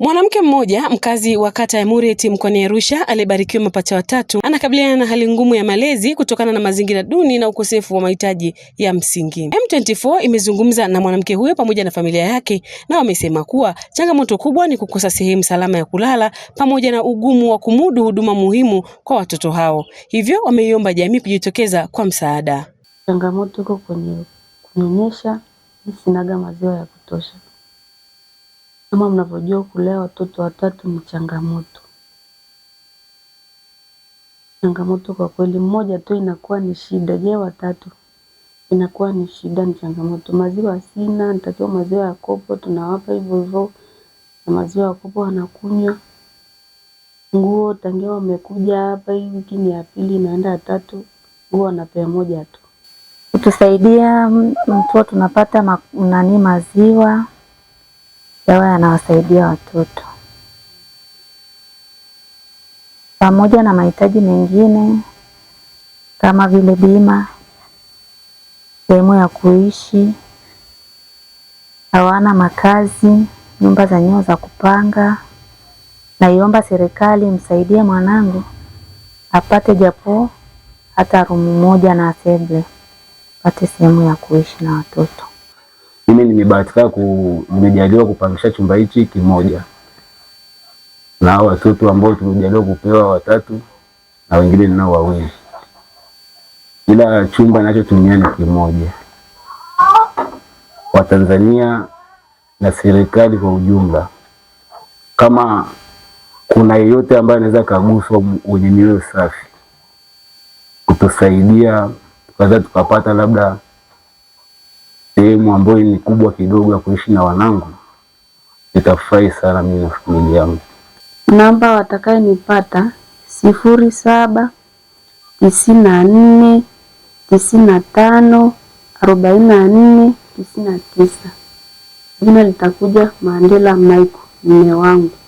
Mwanamke mmoja mkazi wa kata ya Mureti mkoani Arusha aliyebarikiwa mapacha watatu anakabiliana na hali ngumu ya malezi kutokana na mazingira duni na ukosefu wa mahitaji ya msingi. M24 imezungumza na mwanamke huyo pamoja na familia yake na wamesema kuwa changamoto kubwa ni kukosa sehemu salama ya kulala pamoja na ugumu wa kumudu huduma muhimu kwa watoto hao, hivyo wameiomba jamii kujitokeza kwa msaada. Changamoto iko kwenye kunyonyesha, sinaga maziwa ya kutosha kama mnavyojua kulea watoto watatu ni changamoto, changamoto kwa kweli. Mmoja tu inakuwa ni shida, je, watatu inakuwa ni shida, ni changamoto. Maziwa sina, nitatoa maziwa ya kopo, tunawapa hivyo hivyo na maziwa ya kopo wanakunywa. Nguo tangia wamekuja hapa, hii wiki ni ya pili inaenda ya tatu, nguo wanapea moja tu. Kutusaidia mtoto mm, tunapata nani maziwa yawe yanawasaidia watoto pamoja na mahitaji mengine kama vile bima, sehemu ya kuishi, hawana makazi, nyumba nyoo za kupanga. Naiomba serikali msaidie mwanangu apate japo hata rumu moja na aseble, apate sehemu ya kuishi na watoto mimi nimebahatika ku, nimejaliwa kupangisha chumba hichi kimoja na hao watoto ambao tumejaliwa kupewa watatu na wengine ninao wawili, ila chumba ninachotumia ni kimoja. Watanzania na serikali kwa ujumla, kama kuna yeyote ambaye anaweza kaguswa wenye mioyo safi kutusaidia tukaweza tukapata labda sehemu ambayo ni kubwa kidogo ya kuishi na wanangu, nitafurahi sana mimi na familia yangu. Namba watakayenipata sifuri saba tisini na nne tisini na tano arobaini na nne tisini na tisa. Jina litakuja Mandela Michael, mume wangu.